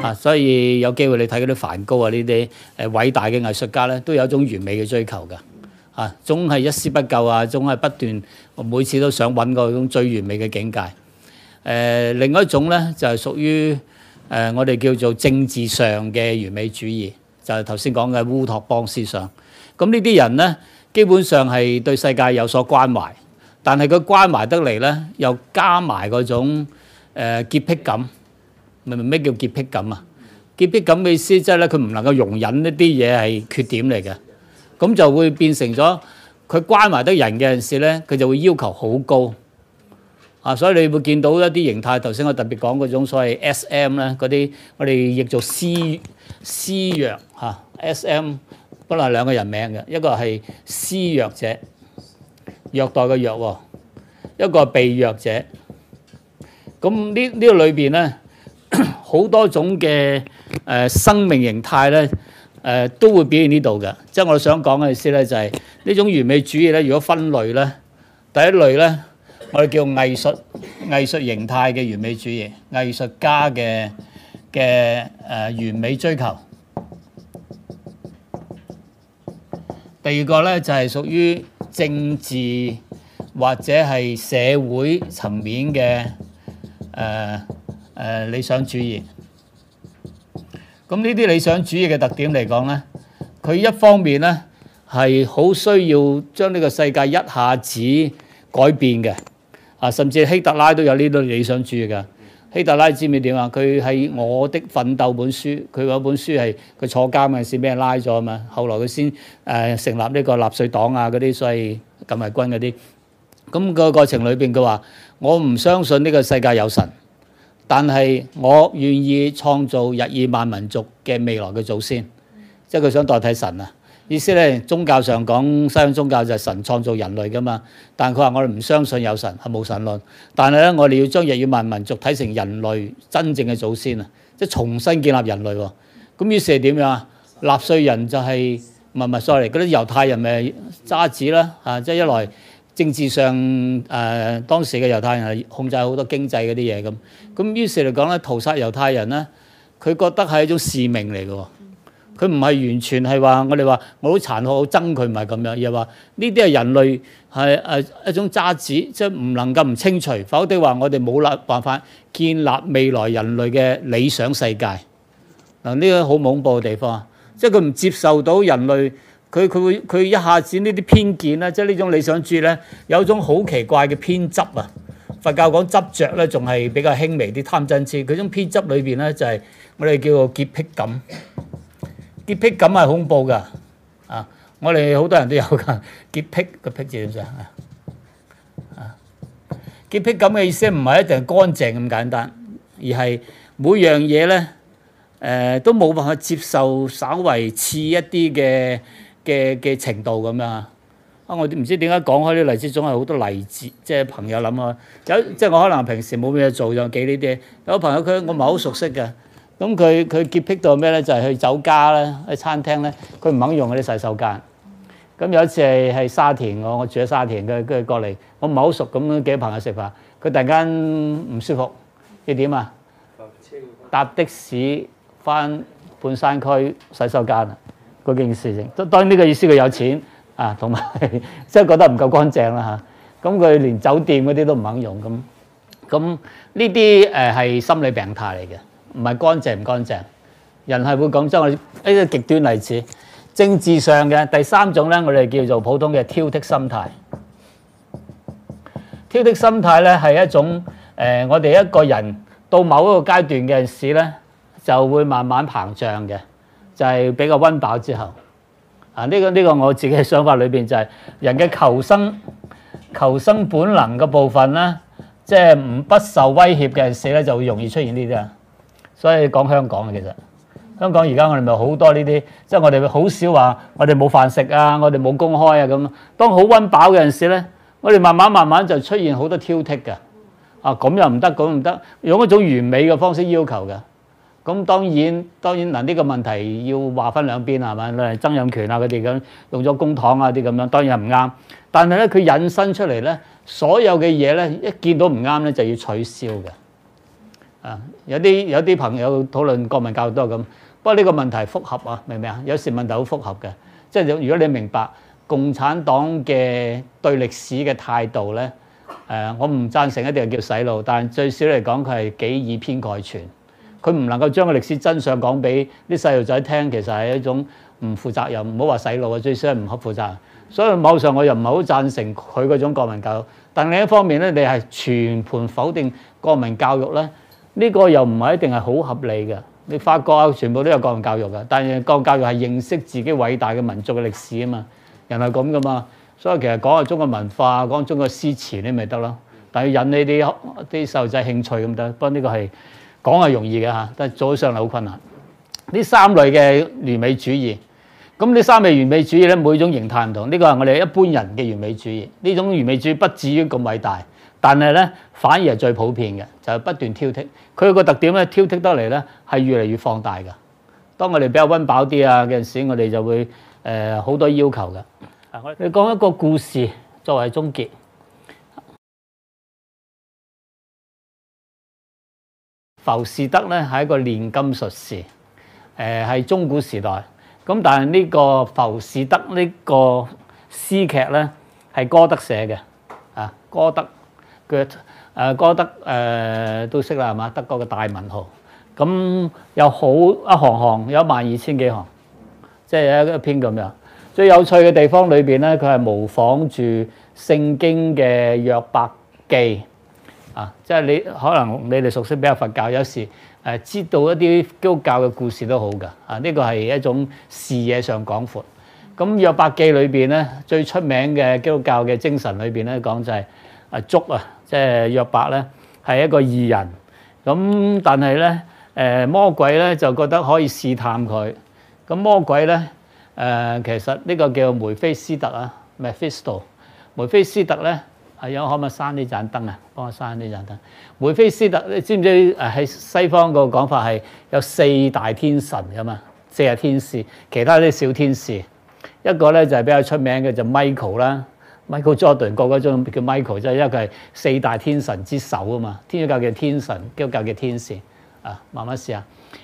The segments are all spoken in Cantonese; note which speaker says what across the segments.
Speaker 1: 啊，所以有機會你睇嗰啲梵高啊呢啲誒偉大嘅藝術家咧，都有一種完美嘅追求噶，啊，總係一絲不苟啊，總係不斷，每次都想揾個嗰種最完美嘅境界。誒，另外一種咧就係屬於誒我哋叫做政治上嘅完美主義，就係頭先講嘅烏托邦思想。咁呢啲人咧，基本上係對世界有所關懷。但係佢關懷得嚟咧，又加埋嗰種誒潔癖感。明唔明咩叫潔癖感啊？潔癖感嘅意思即係咧，佢唔能夠容忍一啲嘢係缺點嚟嘅，咁就會變成咗佢關懷得人嘅陣時咧，佢就會要求好高。啊，所以你會見到一啲形態。頭先我特別講嗰種所謂 S.M. 咧，嗰啲我哋亦做施施虐嚇。S.M. 本來兩個人名嘅，一個係施虐者。虐待嘅虐喎，一個被虐者。咁呢呢個裏邊咧，好多種嘅誒生命形態咧，誒都會表現呢度嘅。即係我哋想講嘅意思咧，就係呢種完美主義咧。如果分類咧，第一類咧，我哋叫藝術藝術形態嘅完美主義，藝術家嘅嘅誒完美追求。第二個咧就係屬於，政治或者係社會層面嘅誒誒理想主義，咁呢啲理想主義嘅特點嚟講咧，佢一方面咧係好需要將呢個世界一下子改變嘅，啊，甚至希特拉都有呢種理想主義㗎。希特拉知唔知點啊？佢係我的奮鬥本書，佢嗰本書係佢坐監嗰陣時俾人拉咗嘛。後來佢先誒成立呢個納粹黨啊，嗰啲所謂禁衛軍嗰啲。咁個過程裏邊，佢話：我唔相信呢個世界有神，但係我願意創造日耳曼民族嘅未來嘅祖先，即係佢想代替神啊。意思咧，宗教上講西方宗教就係神創造人類噶嘛，但係佢話我哋唔相信有神係冇神論，但係咧我哋要將日耳曼民族睇成人類真正嘅祖先啊，即係重新建立人類喎。咁於是點樣啊？納粹人就係唔係唔係，sorry，嗰啲猶太人咪、就是就是、渣子啦、啊、即一來政治上誒、呃、當時嘅猶太人係控制好多經濟嗰啲嘢咁，咁、啊、於是嚟講咧屠殺猶太人咧，佢覺得係一種使命嚟嘅。佢唔係完全係話，我哋話我好殘酷好憎佢，唔係咁樣，而係話呢啲係人類係誒一種渣子，即係唔能夠唔清除。否則話我哋冇立辦法建立未來人類嘅理想世界。嗱，呢個好恐怖嘅地方，即係佢唔接受到人類，佢佢會佢一下子呢啲偏見咧，即係呢種理想主義咧，有種好奇怪嘅偏執啊！佛教講執着咧，仲係比較輕微啲貪嗔痴，佢種偏執裏邊咧就係我哋叫做潔癖感。潔癖噉係恐怖噶，啊！我哋好多人都有噶潔癖，個癖字點寫啊？啊！潔癖噉嘅意思唔係一定係乾淨咁簡單，而係每樣嘢咧誒都冇辦法接受稍為次一啲嘅嘅嘅程度咁樣啊！我唔知點解講開啲例子總係好多例子，即係朋友諗啊，有即係我可能平時冇咩做就記呢啲，有朋友佢，我唔係好熟悉嘅。咁佢佢潔癖到咩咧？就係去酒家咧，喺餐廳咧，佢唔肯用嗰啲洗手間。咁有一次係係沙田我我住喺沙田嘅，跟住佢過嚟我唔係好熟，咁幾朋友食飯，佢突然間唔舒服要點啊？搭的士返半山區洗手間啦，嗰件事情。當然呢個意思佢有錢啊，同埋即係覺得唔夠乾淨啦嚇。咁佢連酒店嗰啲都唔肯用，咁咁呢啲誒係心理病態嚟嘅。唔係乾淨唔乾淨，人係會講真。呢個極端例子，政治上嘅第三種咧，我哋叫做普通嘅挑剔心態。挑剔心態咧係一種誒、呃，我哋一個人到某一個階段嘅陣時咧，就會慢慢膨脹嘅，就係、是、比較温飽之後啊。呢、這個呢、這個我自己嘅想法裏邊就係、是、人嘅求生求生本能嘅部分啦，即係唔不受威脅嘅陣時咧，就會容易出現呢啲啊。所以講香港啊，其實香港而家我哋咪好多呢啲，即係我哋好少話，我哋冇飯食啊，我哋冇工開啊咁。當好温飽嘅陣時咧，我哋慢慢慢慢就出現好多挑剔嘅，啊咁又唔得，咁又唔得，用一種完美嘅方式要求嘅。咁當然當然嗱，呢個問題要話分兩邊係咪？例如曾蔭權啊，佢哋咁用咗公帑啊啲咁樣，當然係唔啱。但係咧，佢引申出嚟咧，所有嘅嘢咧，一見到唔啱咧，就要取消嘅。啊！有啲有啲朋友討論國民教育都係咁，不過呢個問題複合啊，明唔明啊？有時問題好複合嘅，即係如果你明白共產黨嘅對歷史嘅態度咧，誒，我唔贊成一定係叫洗腦，但最少嚟講佢係幾以偏概全，佢唔能夠將個歷史真相講俾啲細路仔聽，其實係一種唔負責任，唔好話洗腦啊，最少係唔合負責任。所以某程度上我又唔係好贊成佢嗰種國民教育，但另一方面咧，你係全盤否定國民教育咧。呢個又唔係一定係好合理嘅，你發覺全部都有國民教育嘅，但係國民教育係認識自己偉大嘅民族嘅歷史啊嘛，人係咁噶嘛，所以其實講下中國文化、講中國詩詞咧，咪得咯，但要引你啲啲細路仔興趣咁得，不過呢個係講係容易嘅嚇，但係做起上嚟好困難。呢三類嘅完美主義，咁呢三類完美主義咧，每種形態唔同，呢個係我哋一般人嘅完美主義，呢種完美主義不至於咁偉大。但係咧，反而係最普遍嘅，就係、是、不斷挑剔佢個特點咧。挑剔得嚟咧，係越嚟越放大嘅。當我哋比較温飽啲啊陣時，我哋就會誒好、呃、多要求嘅。嗯、你講一個故事作為終結。浮士德咧係一個煉金術士，誒、呃、係中古時代咁。但係呢個浮士德個詩劇呢個詩劇咧係歌德寫嘅啊，歌德。誒，哥德誒、呃、都識啦，係嘛？德國嘅大文豪，咁有好一行行，有一萬二千幾行，即係有一篇咁樣。最有趣嘅地方裏邊咧，佢係模仿住聖經嘅約伯記啊，即係你可能你哋熟悉比較佛教，有時誒知道一啲基督教嘅故事都好㗎。啊，呢個係一種視野上廣闊。咁約伯記裏邊咧，最出名嘅基督教嘅精神裏邊咧，講就係啊，捉啊～即係約伯咧，係一個義人。咁但係咧，誒魔鬼咧就覺得可以試探佢。咁魔鬼咧，誒、呃、其實呢個叫梅菲斯特啊 m e p h i s 梅菲斯特咧，阿友可唔可以閂呢盞燈啊？幫我閂呢盞燈。梅菲斯特，你知唔知誒喺西方個講法係有四大天神㗎嘛？四個天使，其他啲小天使。一個咧就係比較出名嘅就係、Michael 啦。Michael Jordan 嗰嗰種叫 Michael，即係因為佢係四大天神之首啊嘛！天主教嘅天神，基督教嘅天使啊。慢慢試下。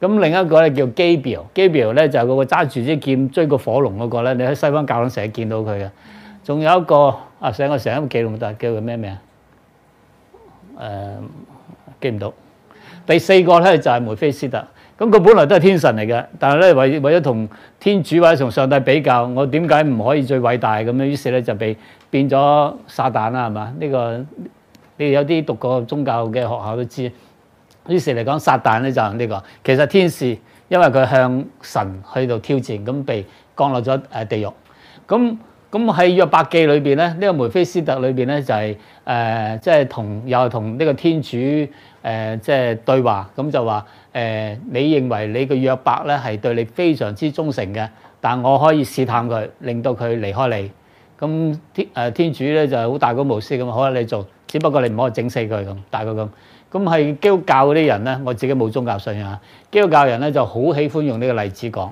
Speaker 1: 咁另一個咧叫 Gabriel，Gabriel 咧就係嗰個揸住啲劍追個火龍、那個火龍嗰個咧。你喺西方教堂成日見到佢嘅。仲有一個啊，成個成日記唔到，叫佢咩名？誒、啊，記唔到。第四個咧就係梅菲斯特。咁佢本來都係天神嚟嘅，但係咧為為咗同天主或者同上帝比較，我點解唔可以最偉大咁樣？於是咧就俾。變咗撒旦啦，係嘛？呢個你有啲讀過宗教嘅學校都知。於是嚟講，撒旦咧就係呢個其實天使，因為佢向神去到挑戰，咁被降落咗誒地獄。咁咁喺約伯記裏邊咧，呢個梅菲斯特裏邊咧就係誒即係同又係同呢個天主誒即係對話，咁就話誒、呃、你認為你嘅約伯咧係對你非常之忠誠嘅，但我可以試探佢，令到佢離開你。咁天誒天主咧就係好大公無私咁，可啦你做，只不過你唔好整死佢咁大個咁。咁係基督教嗰啲人咧，我自己冇宗教信仰，基督教人咧就好喜歡用呢個例子講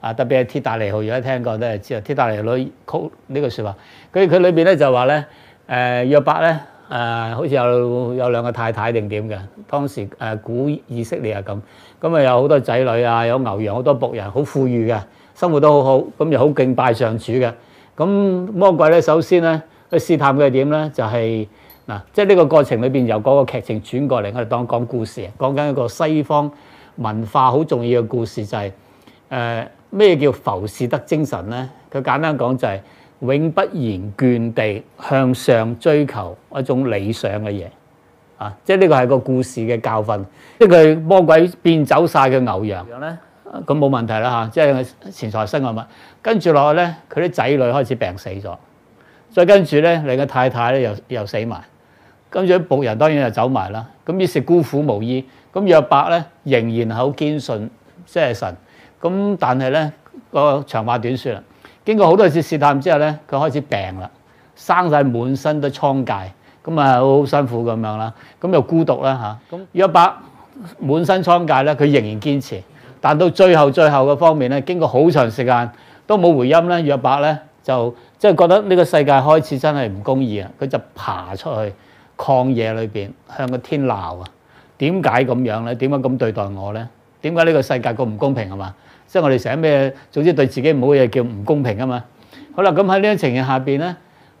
Speaker 1: 啊，特別係鐵達尼號，如果聽過都係知道鐵達尼女曲呢個說話，佢，佢裏邊咧就話咧誒約伯咧誒好似有，有兩個太太定點嘅當時誒古以色列咁，咁啊，有好多仔女啊，有牛羊，好多僕人，好富裕嘅生活都好好，咁又好敬拜上主嘅。咁魔鬼咧，首先咧去試探佢係點咧，就係、是、嗱，即係呢個過程裏面，由嗰個劇情轉過嚟，我哋當講故事，講緊一個西方文化好重要嘅故事，就是，就係誒咩叫浮士德精神咧？佢簡單講就係永不言倦地向上追求一種理想嘅嘢啊！即係呢個係個故事嘅教訓，即係魔鬼變走晒嘅牛羊。牛羊咁冇問題啦嚇，即係錢財身外物，跟住落去咧，佢啲仔女開始病死咗，再跟住咧，你嘅太太咧又又死埋，跟住啲僕人當然又走埋啦。咁於是孤苦無依，咁約伯咧仍然好堅信，即係神。咁但係咧、個長話短說啦，經過好多次試探之後咧，佢開始病啦，生曬滿身都瘡疥，咁啊好好辛苦咁樣啦，咁又孤獨啦嚇。咁約伯滿身瘡疥咧，佢仍然堅持。但到最後最後嘅方面咧，經過好長時間都冇回音咧，約伯咧就即係覺得呢個世界開始真係唔公義啊！佢就爬出去曠野裏邊向個天鬧啊！點解咁樣咧？點解咁對待我咧？點解呢個世界咁唔公平係嘛？即係我哋成日咩？總之對自己唔好嘢叫唔公平啊嘛！好啦，咁喺呢種情形下邊咧，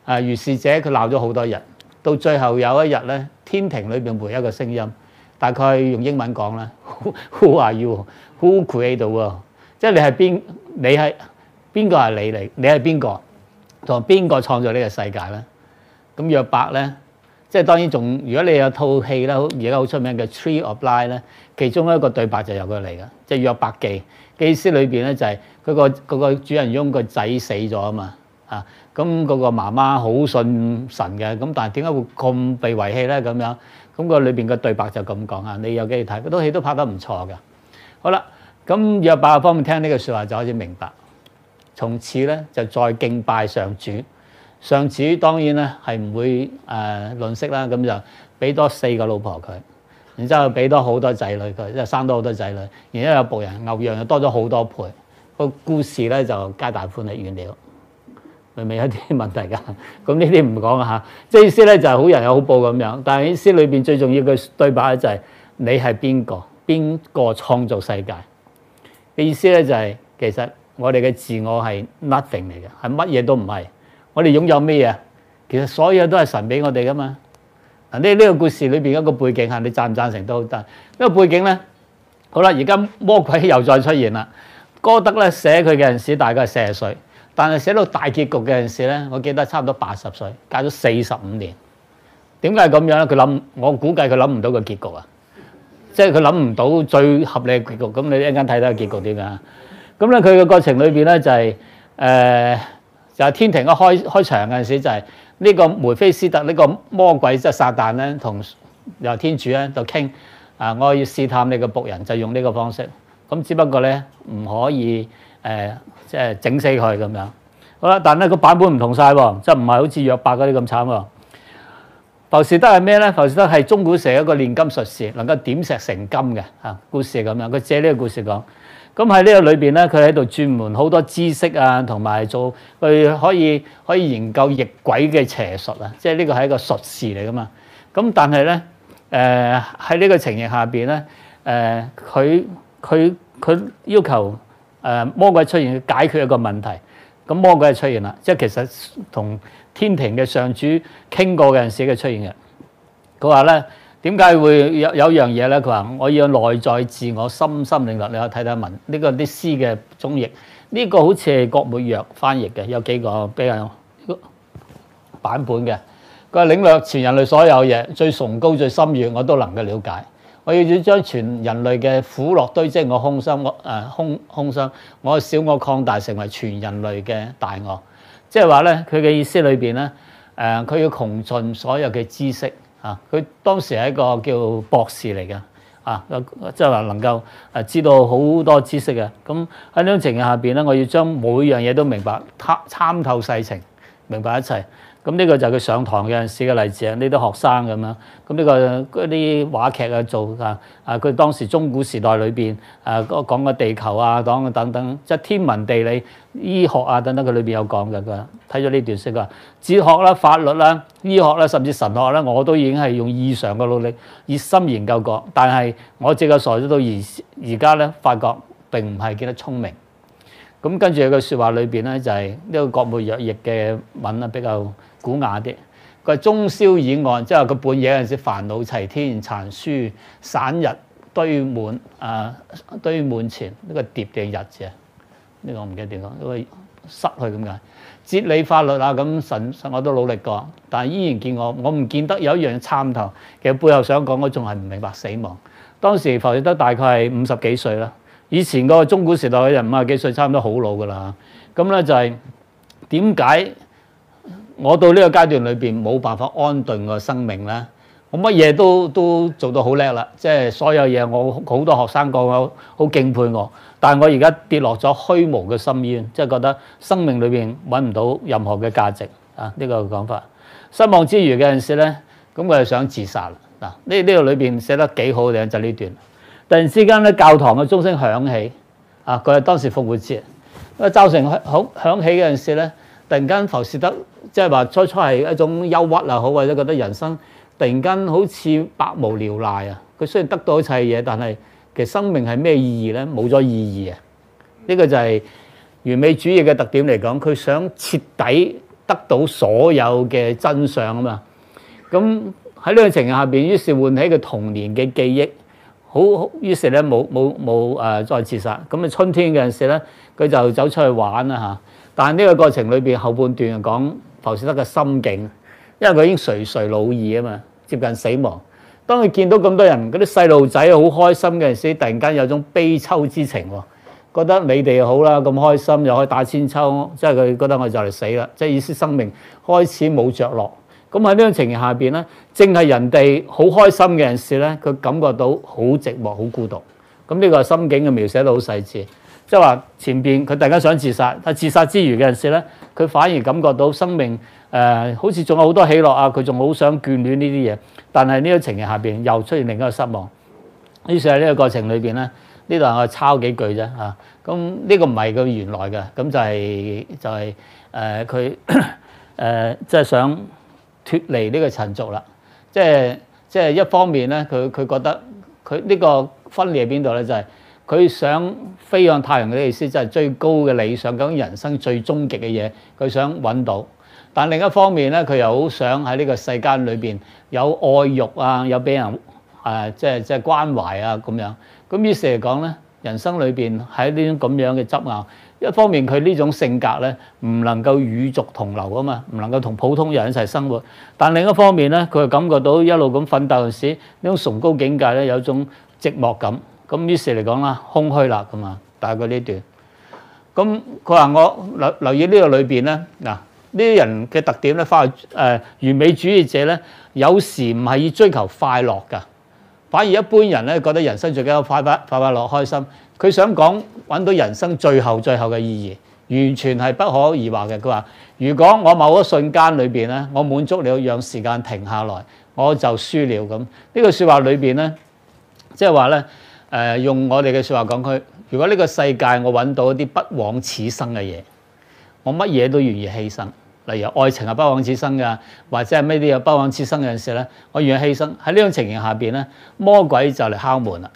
Speaker 1: 啊如是者佢鬧咗好多日，到最後有一日咧，天庭裏邊回一個聲音，大概用英文講啦，Who are you？好攰喺度喎！即係你係邊？你係邊個係你嚟？你係邊個同邊個創造呢個世界咧？咁約伯咧，即係當然仲。如果你有套戲咧，而家好出名嘅《Tree of Life》咧，其中一個對白就由佢嚟嘅，即係約伯記記事裏邊咧，就係佢個主人翁個仔死咗啊嘛啊！咁嗰個媽媽好信神嘅，咁但係點解會咁被遺棄咧？咁樣咁個裏邊個對白就咁講啊！你有機會睇嗰套戲都拍得唔錯嘅。好啦，咁約伯方面聽呢個說話就開始明白，從此咧就再敬拜上主。上主當然咧係唔會誒吝嗇啦，咁、呃、就俾多四個老婆佢，然之後俾多好多仔女佢，即係生多好多仔女，然之後有僕人牛羊又多咗好多倍。那個故事咧就皆大歡喜完了，明明有啲問題㗎？咁呢啲唔講啦，即係意思咧就係好人有好報咁樣。但係意思裏邊最重要嘅對白就係你係邊個？邊個創造世界嘅意思咧？就係其實我哋嘅自我係 nothing 嚟嘅，係乜嘢都唔係。我哋擁有咩嘢？其實所有都係神俾我哋噶嘛。嗱呢，呢個故事裏邊一個背景嚇，你贊唔贊成都好得。呢個背景咧，好啦，而家魔鬼又再出現啦。歌德咧寫佢嗰陣時大概係四十歲，但係寫到大結局嗰陣時咧，我記得差唔多八十歲，隔咗四十五年。點解係咁樣咧？佢諗，我估計佢諗唔到個結局啊！即係佢諗唔到最合理嘅結局，咁你一陣間睇睇個結局點樣？咁咧佢嘅過程裏邊咧就係、是、誒、呃，就係、是、天庭一開開場嗰陣時就係呢個梅菲斯特呢、這個魔鬼即係撒旦咧，同由天主咧就傾啊，King, 我要試探你個僕人，就用呢個方式。咁只不過咧唔可以誒，即、呃、係、就是、整死佢咁樣。好啦，但咧個版本唔同晒喎，即係唔係好似約伯嗰啲咁慘喎。浮士德係咩咧？浮士德係中古時的一個煉金術士，能夠點石成金嘅。嚇故事係咁樣。佢借呢個故事講，咁喺呢個裏邊咧，佢喺度專門好多知識啊，同埋做佢可以可以研究逆鬼嘅邪術啊，即係呢個係一個術士嚟噶嘛。咁但係咧，誒喺呢個情形下邊咧，誒佢佢佢要求誒、呃、魔鬼出現去解決一個問題。咁魔鬼就出現啦，即係其實同天庭嘅上主傾過嘅陣時嘅出現嘅。佢話咧點解會有有樣嘢咧？佢話我要內在自我深深領略，你睇睇文呢、呢個啲詩嘅中譯，呢、呢個好似係郭沫若翻譯嘅，有幾個比較版本嘅。佢話領略全人類所有嘢，最崇高最深遠我都能夠了解。我要要將全人類嘅苦樂堆積我空心，我誒空空心，我小我擴大成為全人類嘅大我。即係話咧佢嘅意思裏邊咧誒，佢要窮盡所有嘅知識啊！佢當時係一個叫博士嚟嘅啊，即係話能夠誒知道好多知識嘅。咁喺呢種情形下邊咧，我要將每樣嘢都明白參參透世情，明白一切。咁呢個就係佢上堂嗰陣時嘅例子啊！呢啲學生咁樣，咁呢個嗰啲話劇啊做啊，啊佢當時中古時代裏邊啊講個地球啊，講個等等，即係天文地理、醫學啊等等，佢裏邊有講嘅。佢睇咗呢段式啊，哲學啦、法律啦、醫學啦，甚至神學咧，我都已經係用異常嘅努力熱心研究過，但係我隻夠傻到而而家咧，發覺並唔係幾得聰明。咁跟住有句説話裏邊咧，就係呢個郭沫若譯嘅文啊，比較古雅啲。佢係中宵以外，即係佢半夜嗰陣時煩惱齊天殘書散日堆滿啊，堆滿前呢，這個疊嘅日子。啊，呢個我唔記得點講，因、這、為、個、失去咁解。哲理法律啊，咁神，神我都努力過，但係依然見我，我唔見得有一樣參透。其實背後想講，我仲係唔明白死亡。當時浮士德大概係五十幾歲啦。以前個中古時代嘅人五十幾歲，差唔多好老噶啦。咁咧就係點解我到呢個階段裏邊冇辦法安頓個生命咧？我乜嘢都都做到好叻啦，即係所有嘢我好多學生講，我好敬佩我。但係我而家跌落咗虛無嘅深淵，即係覺得生命裏邊揾唔到任何嘅價值啊！呢個講法失望之餘嘅陣時咧，咁佢係想自殺啦。嗱，呢呢度裏邊寫得幾好嘅就呢段。突然之間咧，教堂嘅鐘聲響起，啊，佢係當時復活節，咁啊，教堂響響起嗰陣時咧，突然間浮士德，即係話初初係一種憂鬱啊，好或者覺得人生突然間好似百無聊賴啊，佢雖然得到一切嘢，但係其實生命係咩意義咧？冇咗意義啊！呢個就係完美主義嘅特點嚟講，佢想徹底得到所有嘅真相啊嘛。咁喺呢個情形下邊，於是喚起佢童年嘅記憶。好，於是咧冇冇冇誒再自殺。咁啊，春天嗰陣時咧，佢就走出去玩啦嚇。但係呢個過程裏邊，後半段就講浮士德嘅心境，因為佢已經垂垂老矣啊嘛，接近死亡。當佢見到咁多人嗰啲細路仔好開心嘅陣時候，突然間有一種悲秋之情喎，覺得你哋好啦，咁開心又可以打千秋，即係佢覺得我就嚟死啦，即係意思生命開始冇着落。咁喺呢種情形下邊咧，正係人哋好開心嘅人時咧，佢感覺到好寂寞、好孤獨。咁呢個心境嘅描寫得好細緻，即係話前邊佢突然間想自殺，但自殺之餘嘅人時咧，佢反而感覺到生命誒、呃、好似仲有好多喜樂啊！佢仲好想眷戀呢啲嘢，但係呢種情形下邊又出現另一個失望。於是喺呢個過程裏邊咧，呢度我抄幾句啫嚇。咁、啊、呢個唔係佢原來嘅，咁就係、是、就係誒佢誒即係想。脫離呢個塵俗啦，即係即係一方面咧，佢佢覺得佢呢個分裂喺邊度咧，就係、是、佢想飛向太陽嘅意思，即、就、係、是、最高嘅理想，咁、就是、人生最終極嘅嘢，佢想揾到。但另一方面咧，佢又好想喺呢個世間裏面有愛欲啊，有俾人即係即係關懷啊咁樣。咁於是嚟講咧，人生裏面喺呢種咁樣嘅執拗。一方面佢呢種性格咧，唔能夠與俗同流啊嘛，唔能夠同普通人一齊生活。但另一方面咧，佢又感覺到一路咁奮鬥時，呢種崇高境界咧，有種寂寞感。咁於是嚟講啦，空虛啦咁啊，大概呢段。咁佢話，我留留意呢個裏邊咧，嗱呢啲人嘅特點咧，反而完美主義者咧，有時唔係要追求快樂㗎。反而一般人咧，覺得人生最緊要快快快快樂、快快樂開心。佢想講揾到人生最後最後嘅意義，完全係不可言話嘅。佢話：如果我某一瞬間裏邊咧，我滿足了，讓時間停下來，我就輸了。咁呢句説話裏邊咧，即係話咧，誒、呃、用我哋嘅説話講，佢如果呢個世界我揾到一啲不枉此生嘅嘢，我乜嘢都願意犧牲。例如愛情啊，不枉此生㗎，或者係咩啲啊，不枉此生嗰陣時呢，我願意犧牲。喺呢種情形下邊呢，魔鬼就嚟敲門了。